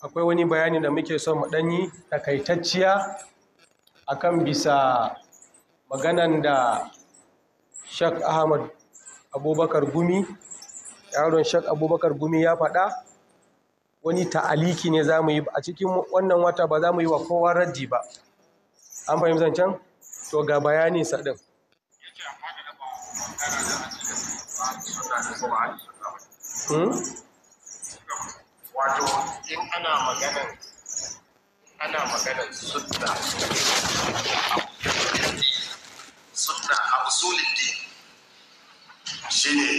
akwai wani bayani da muke son mu ɗanyi takaitacciya akan bisa maganan da shak ahmad abubakar gumi yaron shak abubakar gumi ya faɗa wani ta'aliki ne za mu yi a cikin wannan wata ba za mu yi wa kowa raddi ba an fahimci can to ga bayani sadin hmm? wato in ana magana ana maganar sunna sunna a usulin din shine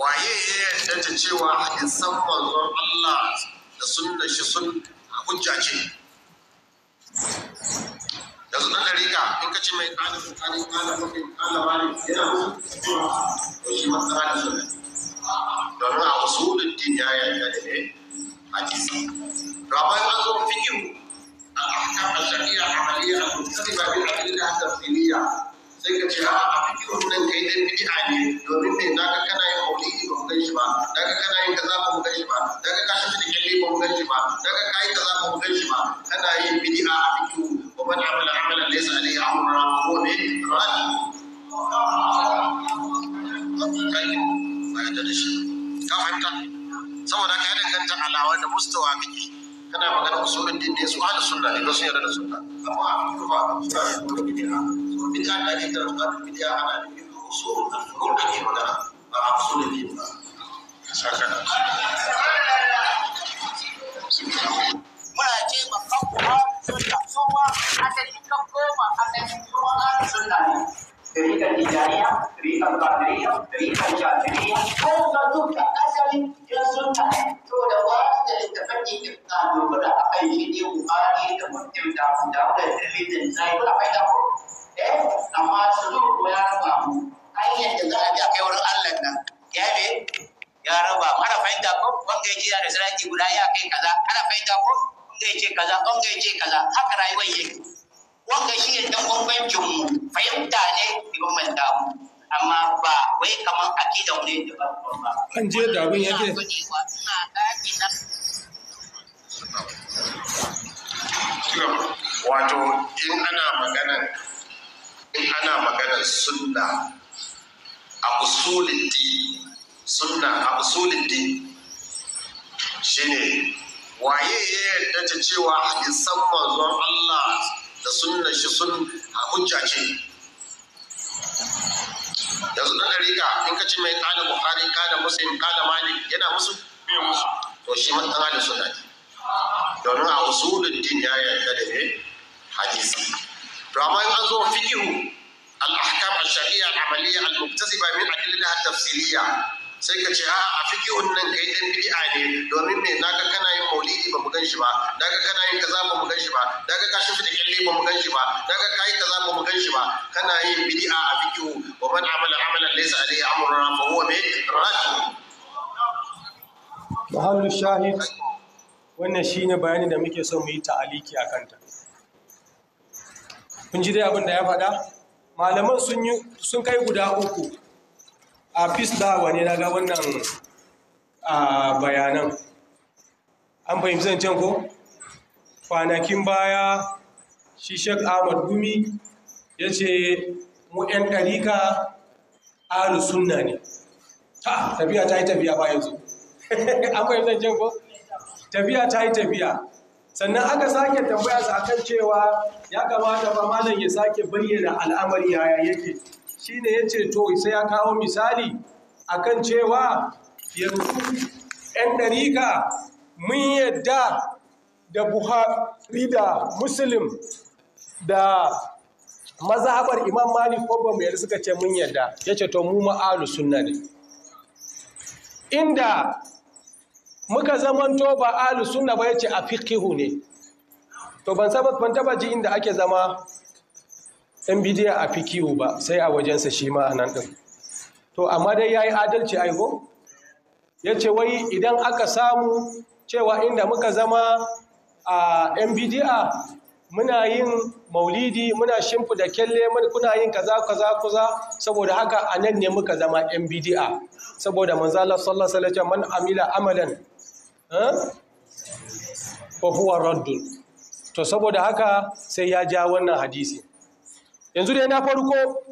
waye ya yarda da cewa san manzon Allah da sunna shi sun hujja ce yanzu na dariƙa in ka ce mai ƙalin ƙalin ƙalin ƙalin ƙalin yana ko shi matsala da sunan kai kaza ba ku ganshi kana yin bid'a a fito ko man amala amalan laysa alayhi amruna fa huwa min rad ba da ka fahimta saboda ka danganta alawa da mustawa kake kana magana usulun din ne su ahlus sunna ne sun yarda da sunna amma a fito ba a fito da bid'a so bid'a da ake kira da bid'a ana nufin usul al-furu' magana ba usul al-bid'a saka muna ce ma kanku ahlus sunna su ma asali kan koma asali su ma ahlus sunna ne Rika Tijaniya, Rika Kadiriya, Rika Jafiriya, ko ka duka asalin yan sunna ne. To da wani da littafin ikin na dogara a kan shi ne Buhari da mutum da Abu da Tirmidhi da Zaid da ko. Eh, amma su ko ya raba Hanyar da za a bi a kai wurin Allah nan. Ya ne, ya raba ana fahimta ko wanda yake da siraki guda ya kai kaza ana fahimta ko wanda yake kaza wanda yake kaza haka rayuwar yake wanda shi ne dan bambancin mu fahimta ne ibn mu amma ba wai kaman akida ne da ba ba an je da abin yake na wato in ana magana in ana magana sunna a usulin sunna a usulin din shine waye ya yarda ta cewa a hadisan manzon Allah da sunna shi sun hujja ce yanzu na gari dariƙa in ka ci mai kada buhari kada muslim kada malik yana musu to shi man dan da ne? domin a usulin din ya yarda da ne hadisi to amma in an zo fiqhu al-ahkam al-shar'iyya al-amaliyya al-muktasiba min adillah at-tafsiliyya sai ka ce a a fikihun nan kai dan bid'a ne domin me naga kana yin maulidi ba mu gan shi ba naga kana yin kaza ba mu gan shi ba naga ka shafi fita kyalle ba mu gan shi ba ka kai kaza ba mu gan shi ba kana yin bid'a a fikihu wa man amala amalan laysa alayhi amruna fa huwa min rad mahallu shahid wannan shine bayani da muke so mu yi ta'aliki a kanta kun ji dai abin da ya faɗa malaman sun yi sun kai guda uku a fisdawa ne na ga wannan bayanan an fahimci zancen ko kwanakin baya shi shek ahmad gumi ya ce mu 'yan ɗarika alu sunna ne ta tafiya ta yi tafiya ba yanzu an fahimci zancen ko tafiya ta yi tafiya sannan aka sake tambaya sa kan cewa ya kamata ba malam ya sake bayyana al'amari yaya yake Shi ne ya ce to sai ya kawo misali a kan cewa yanzu 'yan ɗarika mun yadda da buhari da Musulun da mazhabar imam malik ko ba suka ce mun yarda ya ce to mu ma'alu suna ne inda muka zamanto ba alu suna ba ya ce a fikihu ne to ban saba ban taba ji inda ake zama ɗan bidiya a fi kiwo ba sai a wajensa shi ma a nan ɗin to amma dai ya yi adalci aiko ya ce wai idan aka samu cewa inda muka zama a ɗan bidiya muna yin maulidi muna shimfu da kyalle kuna yin kaza kaza kuza saboda haka a nan ne muka zama ɗan bidiya saboda manzala sallallahu alaihi man amila amalan ko eh, huwa raddun to saboda haka sai ya ja wannan hadisi yanzu dai na farko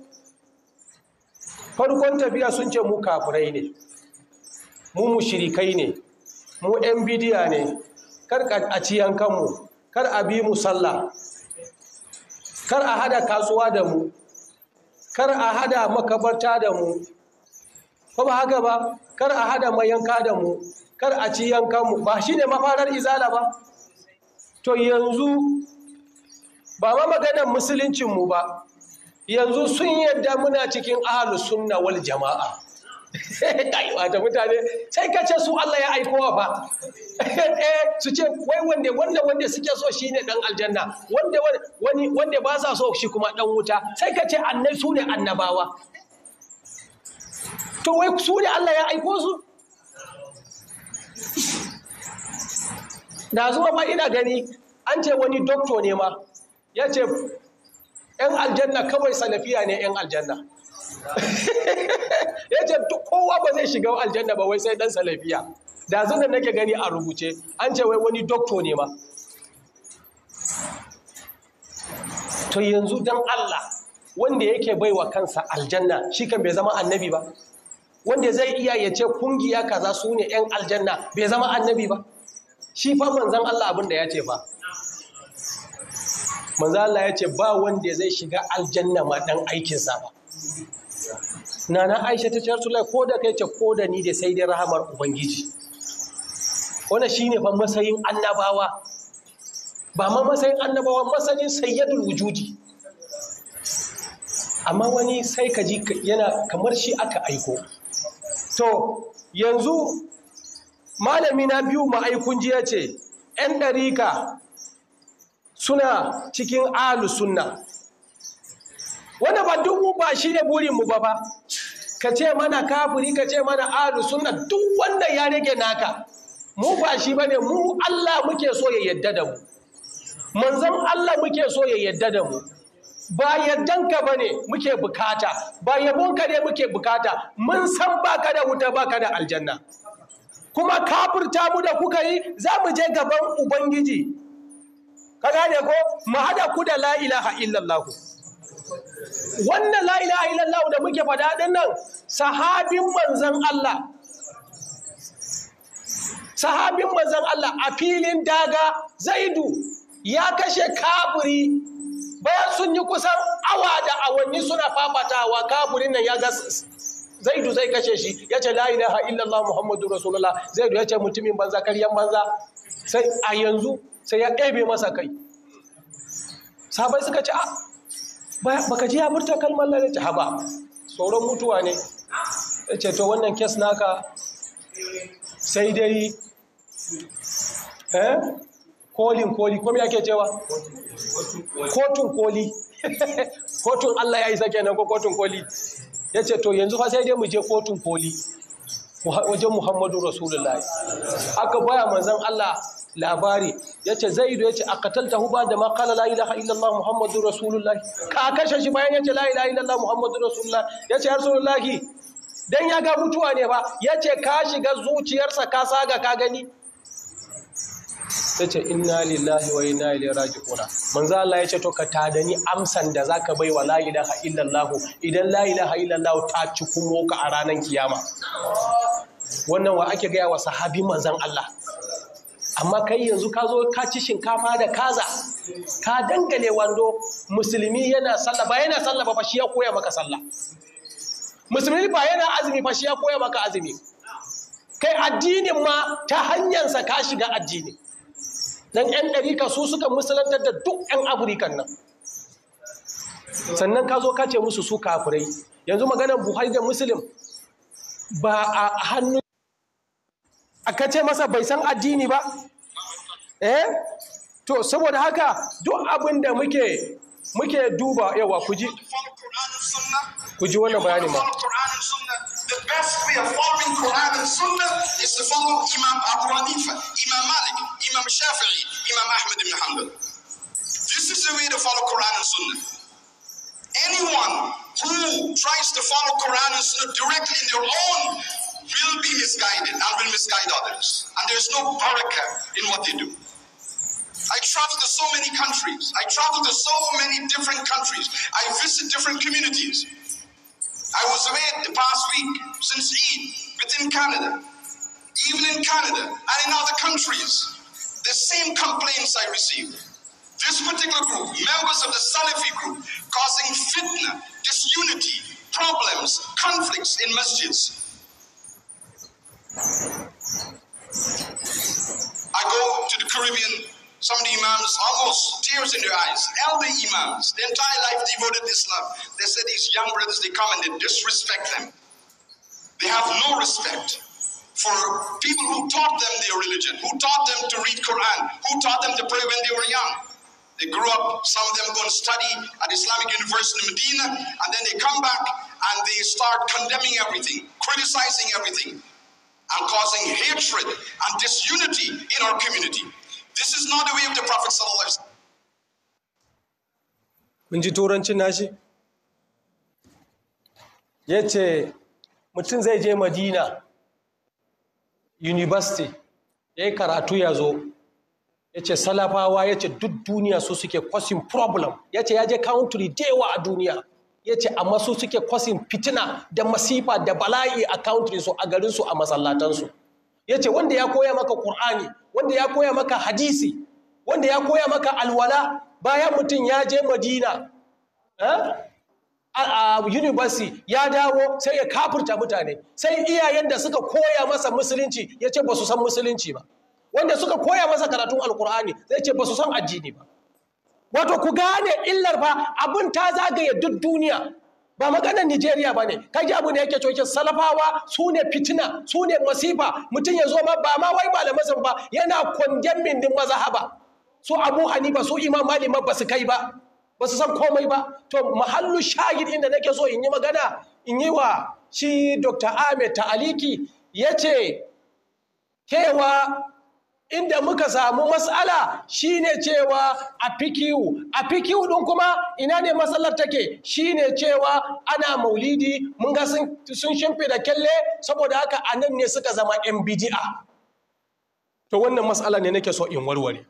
farkon tafiya sun ce mu kafirai ne mu mushirikai ne mu yan bidiya ne kar a ciyan kanmu kar a bi mu sallah kar a hada kasuwa da mu kar a hada makabarta da mu ko ba haka ba kar a hada mayanka da mu kar a ci yankanmu ba shi ne mafarar izala ba to yanzu ba ma maganar musuluncinmu ba yanzu sun yadda muna cikin ahalus sunna wal jama'a ta mutane sai ka ce su Allah ya aikowa fa eh, su ce wai wanda wanda wanda suke so shine ɗan aljanna wanda wani ba sa so shi kuma ɗan wuta sai ka ce annai su ne annabawa to wai su ne Allah ya aiko su da zuwa ba ina gani an ce wani doktor ne ma ya ce 'yan aljanna kawai salafiya ne 'yan aljanna ya ce kowa ba zai shiga aljanna ba wai sai dan salafiya da zunan nake gani a rubuce an ce wai wani dokto ne ma to yanzu dan Allah wanda yake baiwa kansa aljanna shi kan bai zama annabi ba wanda zai iya ya ce kungiya kaza su ne 'yan aljanna bai zama annabi ba shi fa manzon Allah abin da ya ce ba manzo Allah ya ce ba wanda zai shiga aljanna ma dan aikinsa ba nana Aisha ta ce Rasulullahi ko da kai ce ko da ni da sai dai rahamar ubangiji wannan shine fa masayin annabawa ba ma masayin annabawa masayin sayyidul wujudi amma wani sai ka ji yana kamar shi aka aiko to yanzu malami na biyu ma'aikun jiya ce 'yan ɗarika suna cikin alu sunna wanda ba duk ba shi ne burinmu ba ba ka ce mana kafuri ka ce mana alu sunna duk wanda ya rage naka mu ba shi ba ne mu Allah muke so ya yadda da mu manzon Allah muke so ya yadda da mu ba ka ba ne muke bukata ba yabonka ne muke bukata mun san baka da wuta baka da aljanna kuma kafurta mu da kuka yi za mu je gaban ubangiji ka gane ko mu haɗa ku da la ilaha wannan la ilaha da muke faɗa din nan sahabin manzon Allah sahabin manzon Allah a filin daga Zaidu ya kashe kaburi bayan sun yi kusan awa da awanni suna fafatawa kaburin nan ya ga zaidu zai kashe shi ya ce la'ilaha illallah muhammadu rasulullah zaidu ya ce mutumin banza karyan banza sai a yanzu sai ya ɗebe masa kai sabai suka ce ah, baka ji ya furta kalmar lalata ce haba tsoron mutuwa ne ya ce to wannan kes naka sai dai eh kolin koli kome me ake cewa kotun koli kotun Allah ya yi sake nan ko kotun koli ya ce to yanzu fa sai dai mu je kotun koli wajen Muhammadu Rasulullahi aka baya manzan Allah labari yace zaidu yace ta ba da ma qala la ilaha illallah Muhammadu rasulullah ka kashe shi bayan yace la ilaha illallah Muhammadu rasulullahi yace ya rasulullah dan ya ga mutuwa ne ba yace ka shiga zuciyarsa ka saga ka gani yace inna lillahi wa inna ilaihi raji'un manzo Allah yace to ka tadani amsan da zaka bai wa la ilaha illallah idan la ilaha illallah ta ci kuma ka a ranar kiyama wannan wa ake gaya wa sahabi manzan Allah amma kai yanzu ka zo ka ci shinkafa da kaza ka dangane wando musulmi yana sallah ba yana sallah ba shi ya koya maka sallah musulmi ba yana azumi fa shi ya koya maka azumi kai addinin ma ta hanyarsa ka shiga addini dan yan ɗarika su suka musulantar da duk yan afirikan nan sannan ka zo ka ce musu su kafirai yanzu maganar buhari da muslim ba a hannun aka ce masa bai san addini ba eh to saboda haka duk abin da muke muke duba yawa ku ji ku ji wannan bayani ma The best way of the way Anyone who tries to follow Quran and Sunnah directly in their own will be misguided and will misguide others. And there's no barakah in what they do. I travel to so many countries. I travel to so many different countries. I visit different communities. I was away the past week since Eid within Canada. Even in Canada and in other countries, the same complaints I receive. This particular group, members of the Salafi group, causing fitna, disunity, problems, conflicts in masjids. I go to the Caribbean, some of the imams, almost tears in their eyes, elder imams, their entire life devoted to Islam. They say these young brothers, they come and they disrespect them. They have no respect for people who taught them their religion, who taught them to read Quran, who taught them to pray when they were young. They grew up, some of them go and study at Islamic University in Medina, and then they come back and they start condemning everything, criticizing everything, and causing hatred and disunity in our community. This is not the way of the Prophet sallallahu ji turancin nashi? Ya ce, mutum zai je Madina, University, ya yi karatu ya zo, ya ce salafawa ya ce duk duniya su suke causing problem, ya ce ya je country dewa a duniya. ya ce amma masu suke kwasin fitina da masifa da bala'i a su, a garinsu a masallatansu ya ce wanda ya koya maka ƙur'ani wanda ya koya maka hadisi wanda ya koya maka alwala bayan mutum ya je madina eh, a university ya dawo sai ya kafurta mutane sai iyayen da suka koya masa musulunci ya ce ba su san musulunci ba wanda suka koya masa karatun alkur'ani zai ce ba su san addini ba wato ku gane illar fa abin ta zagaye duk duniya ba maganar Nijeriya ba ne, kaji abu ne yake coke salafawa su ne fitina, su ne masifa, mutum ya zo ma ba ma wai malamansa ba yana kwandon mindin mazahaba. Su Abu Hanifa su Imam malima ba su kai ba, ba su san komai ba. To mahallu shahid inda nake so in yi magana in yi wa shi Dr. Ahmed Ta'aliki ya ce kewa inda muka samu matsala shine cewa a fikiyu a fikiyu ɗin kuma ina ne matsalar take shine cewa ana maulidi mun ga sun shimfi da kyalle saboda haka a nan ne suka zama yan bidi'a to wannan matsala ne nake so in warware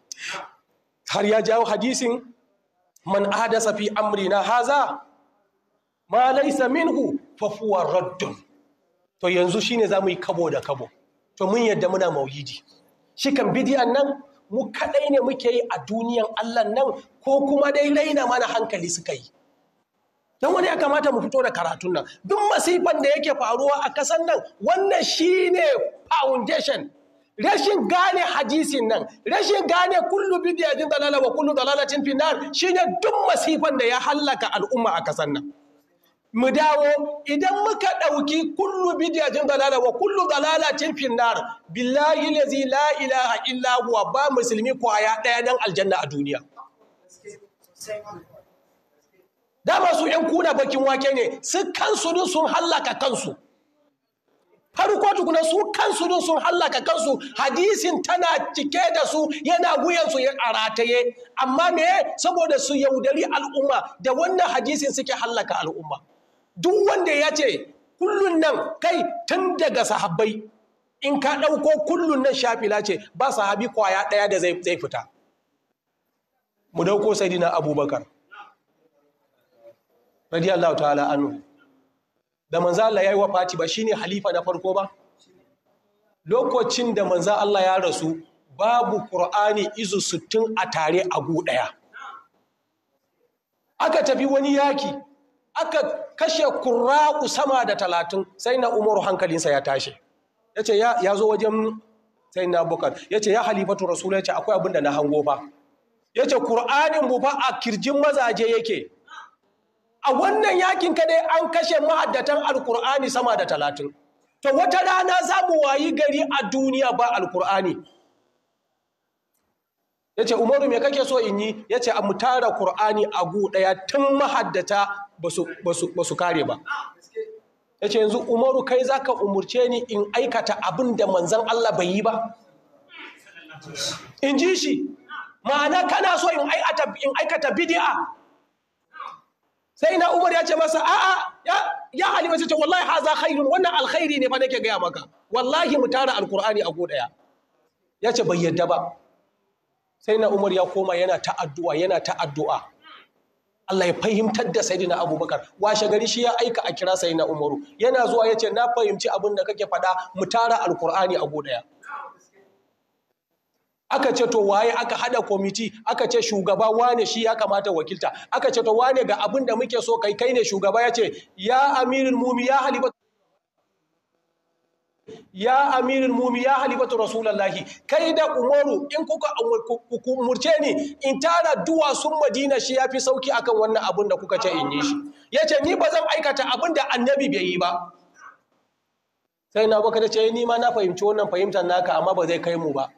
har ya jawo hadisin man ahdasa fi amrina haza ma laysa minhu fa raddun to yanzu shine zamu yi kabo da kabo to mun yadda muna maulidi shi kan bidiyan nan mu kaɗai ne muke yi a duniyan Allah nan ko kuma dai raina mana hankali suka yi don wani ya kamata mu fito da karatun nan duk masifan da yake faruwa a kasan nan wannan shine foundation rashin gane hadisin nan rashin gane kullu bidiyatin dalala wa kullu dalalatin finnar shine duk masifan da ya hallaka al'umma a kasan nan mu dawo idan muka ɗauki kullu bidiyatin dalala wa kullu dalalatin finnar billahi lazi la ilaha illa huwa ba musulmi kwaya ɗaya dan aljanna a duniya dama su ‘yan kuna bakin wake ne su kansu din sun hallaka kansu ko tukuna su kansu din sun hallaka kansu hadisin tana cike da su yana wuyansu a rataye amma me saboda su yaudari al'umma da wannan hadisin suke hallaka al'umma duk wanda ya ce kullun nan kai tun daga sahabbai in ka ɗauko kullun nan shafila ce ba sahabi kwaya ɗaya da zai fita mu sai dina abubakar radiyallahu ta'ala anu da manza Allah wa Fati ba shine halifa na farko ba lokacin da manza Allah ya rasu babu ƙura'ani izu sittin a tare a gu ɗaya aka tafi wani yaki aka kashe kurraku sama da talatin sai na umaru hankalinsa ya tashi ya ce ya zo wajen sai na bukar ya ce ya halifatu rasulai ce akwai abin da na hango fa ya ce kur'anin mu fa a kirjin mazaje yake a wannan yakin kadai an kashe ma'addatan alkur'ani sama da talatin to wata rana za mu wayi gari a duniya ba alkur'ani yace Umaru me kake so in yi yace a mutara Kur'ani a gu daya tun mahaddata ba su kare ba yace yanzu Umaru kai za ka umurce ni in aikata abin da manzan Allah bai yi ba in ji shi ma'ana kana so in aikata bidi'a? sai na Umar ya ce masa a'a ya ya halima ce wallahi haza khairun wannan alkhairi ne ba nake gaya maka wallahi mutara Alkur'ani a gu daya yace bai yadda ba sai na umar ya koma yana ta addu'a yana ta addu'a Allah ya fahimtar da saidina Abubakar washe gari shi ya aika a kira sai na Umaru yana zuwa ya ce na fahimci abin da kake faɗa mu tara alkur'ani a godaya aka ce to waye aka hada kwamiti aka ce shugaba wane shi ya kamata wakilta aka ce to wane ga abin da muke so kai kai ne shugaba ya ce ya amirin mumi ya halibata ya amirul mumi ya halifatu rasulallahi kai da umaru in kuka umurce ni in tara sun madina shi ya fi sauki akan wannan abin da kuka ce in yi shi ya ce ni ba zan aikata abin da annabi bai yi ba sai na baka da ce eh, ni ma na fahimci wannan fahimtar naka amma ba zai kai mu ba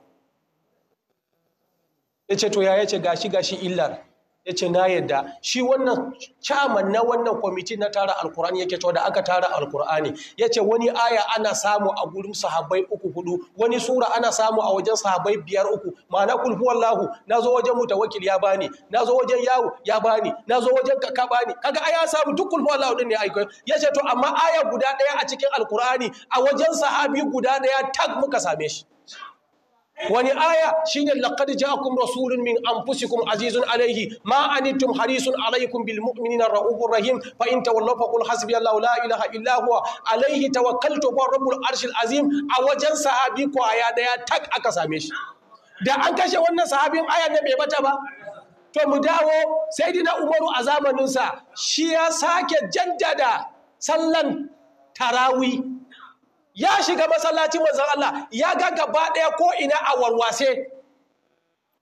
ya ce to ya ya gashi gashi illar ya ce na yadda shi wannan caman na wannan kwamiti na tara alkur'ani yake cewa da aka tara alkur'ani ya ce wani aya ana samu a gurin sahabai uku hudu wani sura ana samu a wajen sahabbai biyar uku ma'ana kul huwallahu na zo wajen mutawakil ya bani na zo wajen yawo ya bani na zo wajen kaka bani kaga aya samu duk kul huwallahu din ne aiko ya ce to amma aya guda daya a cikin alkur'ani a wajen sahabi guda daya tak muka same shi wani aya shine laqad ja'akum rasulun min anfusikum azizun alayhi ma anittum harisun alaykum bil mu'minina raufur rahim fa in tawallaw fa qul hasbiyallahu la ilaha alayhi tawakkaltu wa rabbul arshil azim a wajen sahabi kwaya daya tak aka same shi da an kashe wannan sahabin aya ne bai bata ba to mu dawo sayyidina umaru a zamaninsa shi ya sake jaddada sallan tarawi ya shiga masallaci manzon Allah ya ga gaba ɗaya ko ina a warwase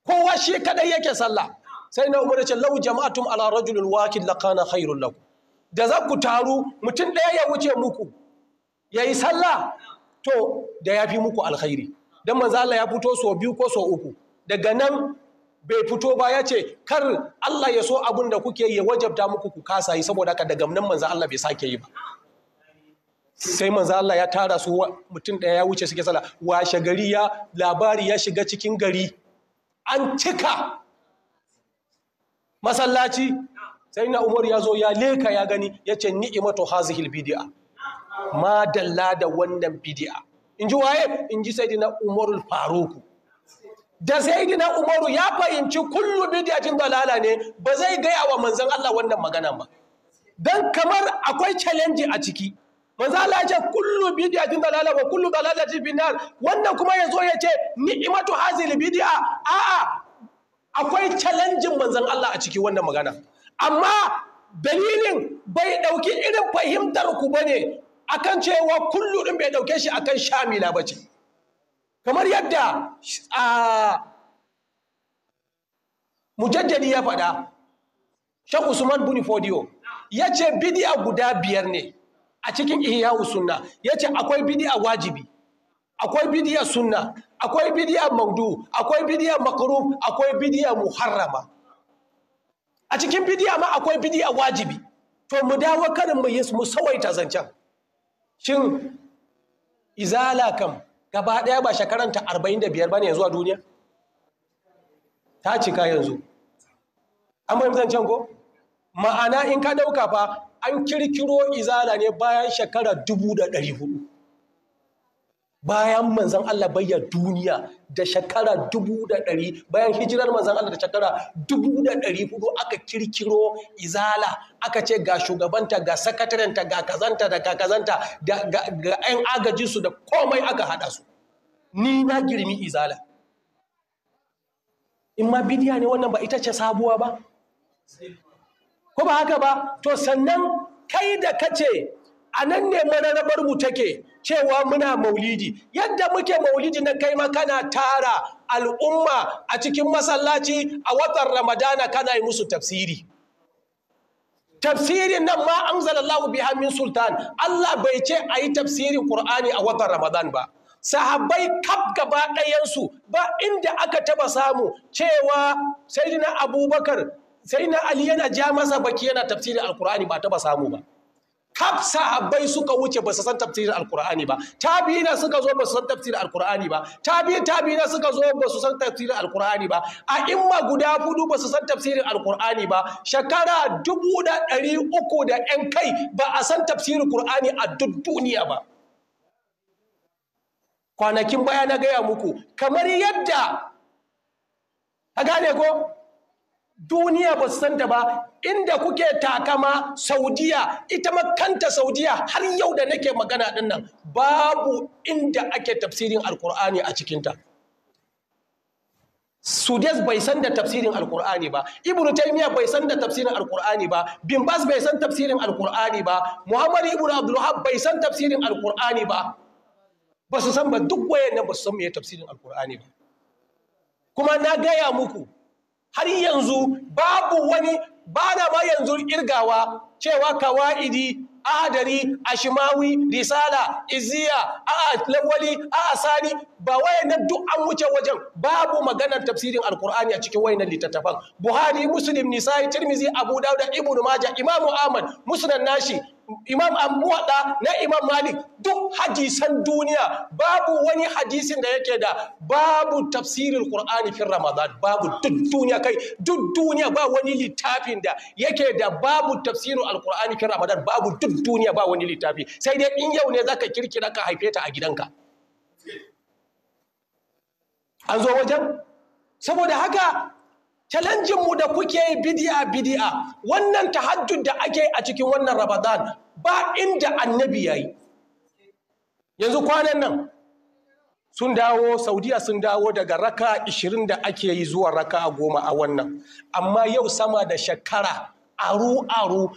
kowa shi kadai yake sallah sai na umar ce lau jama'atum ala rajulul wakid lakana khairul lakum da za ku taru mutum ɗaya ya wuce muku yayi sallah to da ya fi muku alkhairi dan manzon Allah ya fito so biyu ko so uku daga nan bai fito ba ya ce kar Allah ya so abin da kuke ya wajabta muku ku kasa yi saboda haka daga nan manzon Allah bai sake yi ba sai manzo Allah ya tara su mutum ɗaya ya wuce suke sala. washe gari ya labari ya shiga cikin gari an cika masallaci sai na Umar ya zo ya leka ya gani ya ce ni'imatu hazihil bid'a ma dalla da wannan bid'a in ji waye in ji sayyidina Umarul Faruku da Saidina Umaru ya fahimci kullu bid'atin dalala ne ba zai gaya wa manzon Allah wannan magana ba dan kamar akwai challenge a ciki manzo Allah ya ce kullu bid'atin dalala wa kullu dalalatin binar wannan kuma yazo ya ce ni'matu hazil bid'a a'a akwai challenge manzon Allah a cikin wannan magana amma dalilin bai dauki irin fahimtar ku bane akan cewa kullu din bai dauke shi akan shamila bace kamar yadda a mujaddadi ya faɗa shan Usman bunifodio yace ya bidiya guda biyar ne a cikin ihya sunna ce akwai bid'a wajibi akwai bid'a sunna akwai bidiya maudu akwai bid'a makruh akwai bidiya muharrama a cikin bid'a ma akwai bid'a wajibi to mu dawo karin mu mu sawaita zancen shin izala kam gaba daya ba shekaranta 45 bane yanzu a duniya ta cika yanzu an fahimta zancan ko ma'ana in ka dauka fa an kirkiro izala ne bayan shekara dubu da ɗari hudu bayan manzan Allah bayya duniya da shekara dubu da ɗari bayan hijirar manzan Allah da shekara dubu da ɗari hudu aka kirkiro izala aka ce ga shugabanta ga sakatarenta ga kazanta da ga kazanta ga 'yan agajinsu da komai aka haɗa su ni na girmi izala in ma bidiya ne wannan ba ita ce sabuwa ba ko ba haka ba to sannan kai da kace a nan ne mararabar mu take cewa muna maulidi yadda muke maulidi na kai ma kana tara al'umma a cikin masallaci a watan ramadana kana yi musu tafsiri tafsirin nan ma an zalallahu biha min sultan Allah bai ce a yi tafsirin Qur'ani a watan Ramadan ba sahabbai kaf gaba ɗayansu ba inda aka taba samu cewa sayyidina Abubakar sai na ali yana ja masa baki yana tafsirin alkur'ani ba ta ba samu ba kaf sahabbai suka wuce ba su san tafsirin alkur'ani ba tabi'ina suka zo ba su san tafsirin alkur'ani ba tabi'in tabi'ina suka zo ba su san tafsirin alkur'ani ba a imma guda hudu ba su san tafsirin alkur'ani ba shekara dubu da ɗari uku da yan kai ba a san tafsirin kur'ani a duk duniya ba kwanakin baya na gaya muku kamar yadda a gane ko duniya ba su santa ba inda kuke takama saudiya ita makanta saudiya har yau da nake magana din nan babu inda ake tafsirin alkur'ani a cikinta sudes bai san da tafsirin alkur'ani ba ibnu taymiya bai san da tafsirin alkur'ani ba bin bas bai san tafsirin alkur'ani ba muhammad ibnu abdulhab bai san tafsirin alkur'ani ba ba su san ba duk wayannan ba su san me tafsirin alkur'ani ba kuma na gaya muku har yanzu babu wani ba na ma yanzu irgawa cewa kawa'idi adari ashimawi risala iziya a'a lawali a'a sani ba na duk an wuce wajen babu maganar tafsirin alkur'ani a cikin wayannan littattafan buhari muslim nisa'i tirmizi abu dauda ibnu majah imamu ahmad musnad nashi imam ambuwaɗa na imam malik duk hadisan duniya babu wani hadisin da yake da babu tafsirin qur'ani fin ramadan babu duk duniya kai duk duniya ba wani littafin da yake da babu tafsirin alqur'ani fin ramadan babu duk duniya ba wani littafi sai dai in yau ne zaka kirkira ka haife ta a gidanka an zo wajen saboda haka challenging mu da kuke bidi'a bidi'a wannan tahajjud da ake a cikin wannan Ramadan ba inda annabi ya yi. yanzu kwanan nan sun dawo Saudiya sun dawo daga raka 20 da ake yi zuwa raka goma a wannan amma yau sama da shekara aru aru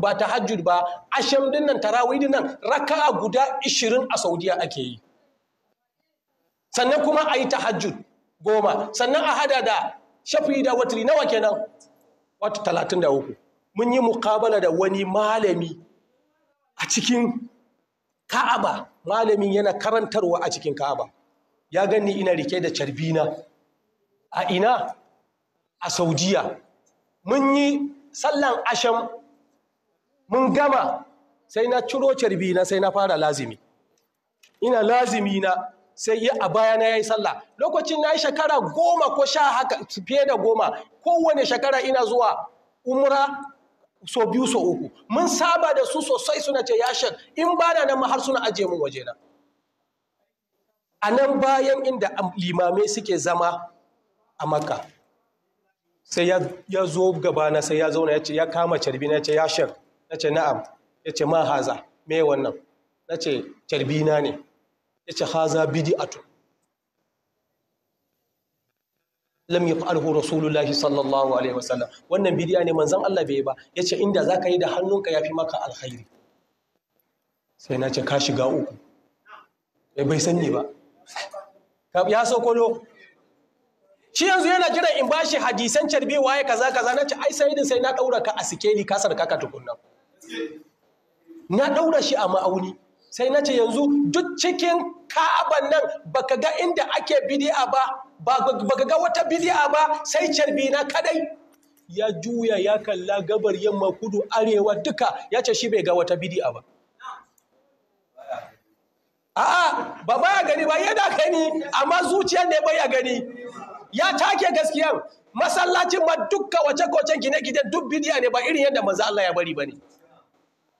ba tahajjud ba Ashirin dinnan nan tarawih raka guda 20 a Saudiya ake yi sannan kuma a yi tahajjud goma sannan a hada da shafi da watri nawa kenan wato uku. mun yi muqabala da wani malami a cikin Ka'aba malamin yana karantarwa a cikin Ka'aba ya gani ina rike da carbina a ina a Saudiya mun yi sallan asham mun gama sai na ciro carbina sai na fara lazimi ina lazimi na sai yi a baya na yayi sallah lokacin na yi shekara goma ko sha haka fiye da goma kowane shekara ina zuwa umra so biyu so uku mun saba da su sosai suna ce ya shek in ba na nan har suna ajiye mun waje na a nan bayan inda limamai suke zama a makka sai ya zo gabana sai ya zauna ya ce ya kama carbi na ce ya shek na ce na'am ya ce ma haza me wannan na ce carbi na ne ya ce haza bid'atu lam yaf'alhu rasulullahi sallallahu alaihi wasallam wannan bid'a ne manzon Allah bai ba yace inda zaka yi da hannunka yafi maka alkhairi sai na ce ka shiga uku bai eh, bai sani ba ya sokolo shi yanzu yana kira in bashi hadisan carbi waye kaza kaza na ce ai sai sai na daura ka a sikeli ka sarka ka tukunna na daura shi a ma'auni sai na ce yanzu duk cikin ka'aban nan baka ga inda ake bidi'a ba baka ga wata bidi'a ba sai carbi na kadai ya juya ya kalla gabar yamma kudu arewa duka ya ce shi bai ga wata bidi'a ba a'a ba baya gani ba yana gani amma zuciyar ne baya gani ya take gaskiya masallacin ma duka wace kocen gine gine duk bidiya ne ba irin yadda maza Allah ya bari ba bane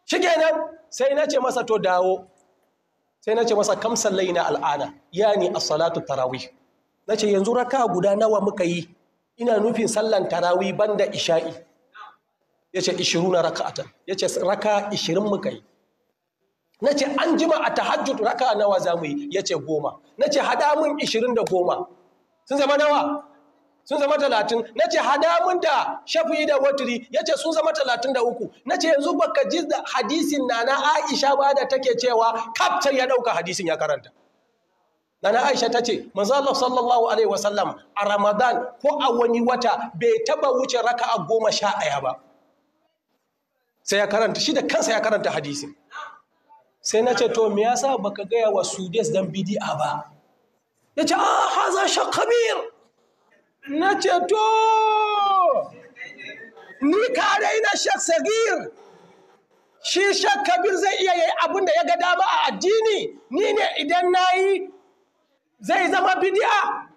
kenan sai na ce masa to dawo sai na ce masa kam al'ada, al'ana yani a salatu tarawi. na ce yanzu raka guda nawa muka yi ina nufin sallan tarawi banda isha'i ya ce raka atan ya ce raka ishirin muka yi na ce an jima a tahajjud raka nawa za mu yi ya ce goma na ce hada mun ishirin da goma sun zama nawa sun zama talatin na ce hadamun da shafi da watiri ya ce sun zama talatin da uku na ce yanzu baka ji hadisin na na aisha ba da take cewa kaftar ya ɗauka hadisin ya karanta Na Aisha ta ce, Manzala sallallahu Alaihi wasallam a Ramadan ko a wani wata bai taba wuce raka a goma sha ɗaya ba. Sai ya karanta, shi da kansa ya karanta hadisin. Sai na ce, to me yasa baka gaya wa Sudes dan bidi'a ba? Ya ce, a ah, haza shakabir. na ceto! ni ka raina shek sagir shi shak kabir zai iya yi abinda ya ga dama a addini ni ne idan na yi zai zama bidiya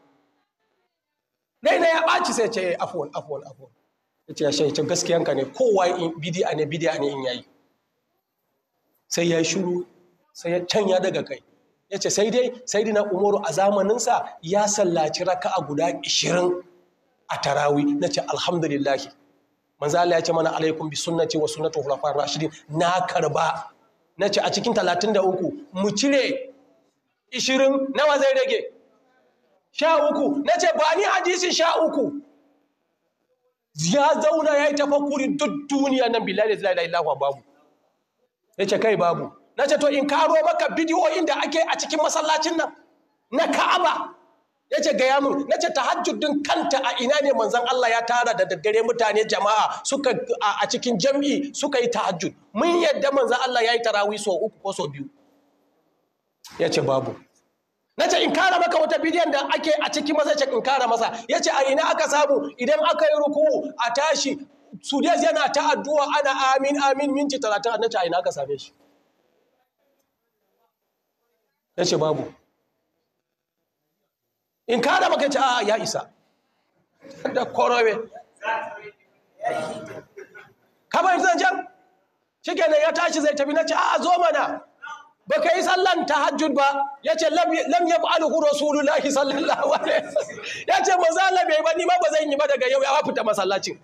raina ya baci sai ce afuwan afuwan afuwan ya ce ya shaicin gaskiyanka ne kowa bidiya ne bidiya ne in yayi sai ya yi shuru sai ya canya daga kai ya ce sai dai sai na umaru a zamaninsa ya sallaci raka a guda ishirin a tarawi na ce alhamdulillah manzo ya ce mana alaikum bi sunnati wa sunnati khulafa'ir rashidin na karba na ce a cikin 33 mu cire 20 nawa zai rage sha uku na ce ba ni hadisin sha uku ya zauna ya yi tafakuri duk duniya nan zai la ilaha babu ya ce kai babu na ce to in karo maka bidiyoyin da ake a cikin masallacin nan na ka'aba ya ce gaya mun na ce tahajjudin kanta a ina ne manzon Allah ya tara da daddare mutane jama'a suka a cikin jam'i suka yi tahajjud mun yadda manzon Allah ya yi tarawi so uku ko so biyu ya ce babu na ce in kara maka wata bidiyon da ake a cikin masa ce in kara masa ya ce a ina aka samu idan aka yi ruku a tashi sudes yana ta addu'a ana amin amin minti talatin na ce a ina aka same shi ya ce babu in ka da baka ce a ya isa da korowe kamar zan jan shi kenan ya tashi zai tafi na ce a zo mana ba ka yi sallan tahajjud ba ya ce lam ya fi fa'aluhu rasulullahi sallallahu alaihi ya ce mazala bai ba nima ba zan yi ba daga yau ya fita masallacin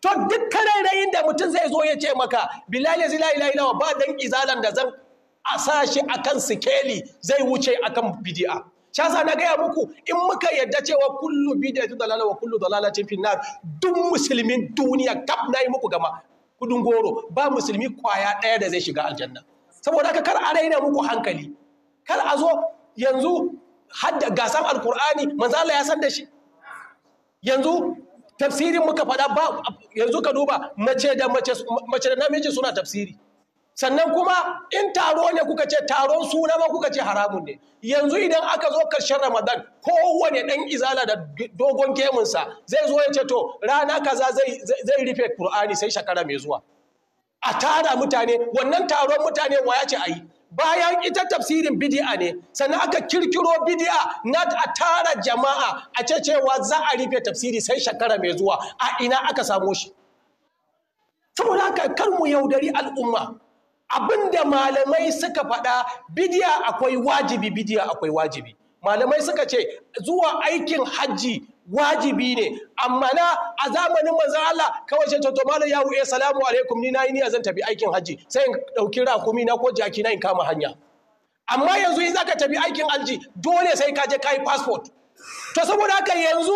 to duk karairayin da mutum zai zo ya ce maka bilal ya zila ilayi ila ba dan izalan da zan a sa shi akan sikeli zai wuce akan bid'a shaza na gaya muku in muka yadda cewa kullu bid'atu dalala wa kullu dalalatin finnar duk musulmin duniya kaf yi muku gama kudin goro ba musulmi kwaya ɗaya da zai shiga aljanna saboda haka kar a raina muku hankali kar a zo yanzu hadda gasar alkur'ani manzala ya san da shi yanzu tafsirin muka faɗa ba yanzu ka duba mace mace da namiji suna tafsiri sannan kuma in taro ne kuka ce taron suna ma kuka ce haramun ne yanzu idan aka zo karshen ramadan kowane ɗan izala da dogon gemunsa zai zo ya ce to rana kaza zai rufe Kur'ani sai shekara mai zuwa a tara mutane wannan taron mutane wa ce a yi bayan ita tafsirin bidi'a ne sannan aka kirkiro bidi'a na a tara jama'a a ce cewa za a rufe tafsiri sai shekara mai zuwa a ina aka samo shi saboda haka kar mu yaudari al'umma da malamai suka faɗa bidiya akwai wajibi bidiya akwai wajibi malamai suka ce zuwa aikin hajji wajibi ne amma na a zamanin manzo Allah kawai ce to malam ya wuce salamu alaikum ni na yi niyya zan tafi aikin hajji sai in dauki rakumi na ko jaki na in kama hanya amma yanzu in zaka tafi aikin alji dole sai ka je kai passport to saboda haka yanzu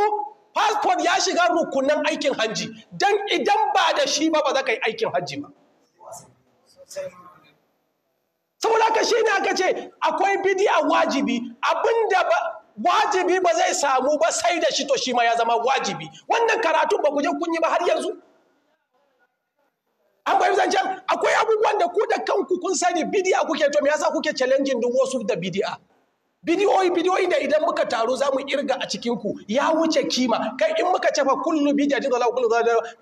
passport ya shiga rukunan aikin hajji dan idan ba da shi ba ba za ka yi aikin hajji ba saboda ka shi ne aka ce akwai bidiya wajibi abinda wajibi ba zai samu ba sai da shi to shi ma ya zama wajibi wannan karatun ba kuje kun yi ba har yanzu an bai zancen akwai abubuwan da ku da kanku kun sani bidi'a kuke to me yasa kuke challenging duk wasu da bidi'a? bidiyoyi bidiyoyi da idan muka taru za mu irga a cikin ya wuce kima kai in muka cefa kullu jin da kullu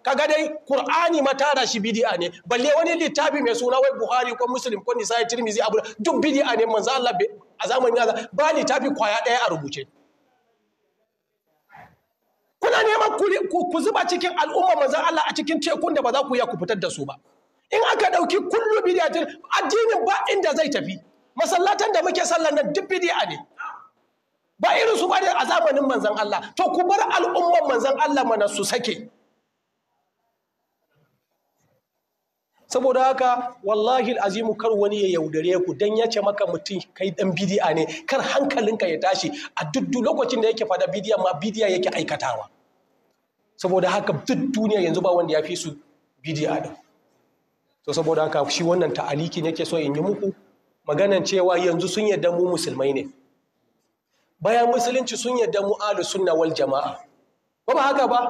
kaga dai qur'ani ma tara shi bidiya ne balle wani littafi mai suna wai buhari ko muslim ko nisa'i tirmizi abu duk bidiya ne manzo Allah a zamanin Allah ba littafi kwaya daya a rubuce kuna neman ku zuba cikin al'umma manzo Allah a cikin tekun da ba za ku iya ku fitar da su ba in aka dauki kullu bidiya addinin ba inda zai tafi masallatan da muke sallar nan duk bid'a ne ba irin su bane a zamanin manzon Allah to ku bar al'umman manzon Allah mana su sake saboda haka wallahi azimu kar wani ya yaudare ku dan ya ce maka mutum kai dan bidi'a ne kar hankalinka ya tashi a duk lokacin da yake fada bidiyan ma bidiya yake aikatawa saboda haka duk duniya yanzu ba wanda ya fi su bidiya din to saboda haka shi wannan ta'aliki yake so in yi muku maganan cewa yanzu sun yadda mu musulmai ne bayan musulunci sun yadda mu alu sunna wal jama'a ba ba haka ba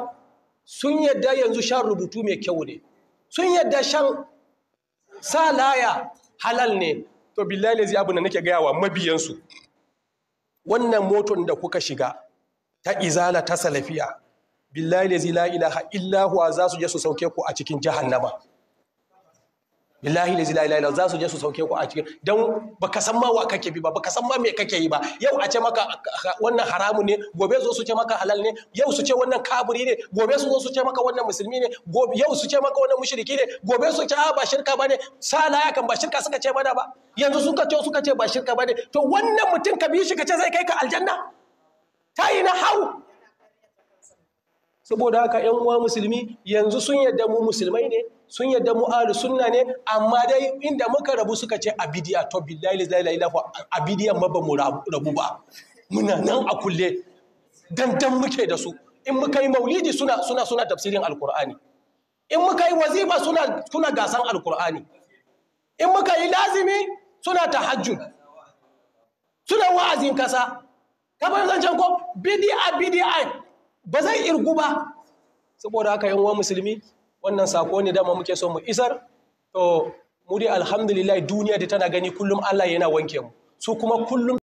sun yadda yanzu shan rubutu mai kyau ne sun yadda shan sa laya halal ne to billahi lazi abu da nake gaya wa mabiyansu wannan moton da kuka shiga ta izala ta salafiya billahi lazi la ilaha illa za su je su sauke ku a cikin jahannama billahi la ilaha illallah za su je su sauke ku a cikin dan baka san ma wa kake bi ba baka san ma me kake yi ba yau a ce maka wannan haramu ne gobe zo su ce maka halal ne yau su ce wannan kaburi ne gobe su zo su ce maka wannan musulmi ne yau su ce maka wannan mushriki ne gobe su ce ah, ba shirka bane sala ya kan ba shirka suka ce bada ba yanzu suka ce suka ce ba shirka bane to wannan mutum ka bi shi ka ce zai kai ka aljanna ta yi na hau saboda haka ‘yan uwa musulmi yanzu sun yadda mu musulmai ne sun yadda mu ari sunna ne amma dai inda muka rabu suka ce abidiya to billahi la ilaha illa abidiyan ma ba mu rabu ba muna nan a kulle dandan muke da su in muka yi maulidi suna suna suna tafsirin alkur'ani in muka yi wazifa suna suna gasan alkur'ani in muka yi lazimi suna tahajjud suna wa'azin kasa kamar zancen ko bidi'a bidi'a ba zai irgu ba saboda haka yan wa musulmi wannan sako ne dama muke so mu isar to mu dai alhamdulillah duniya da tana gani kullum Allah yana wanke mu su kuma kullum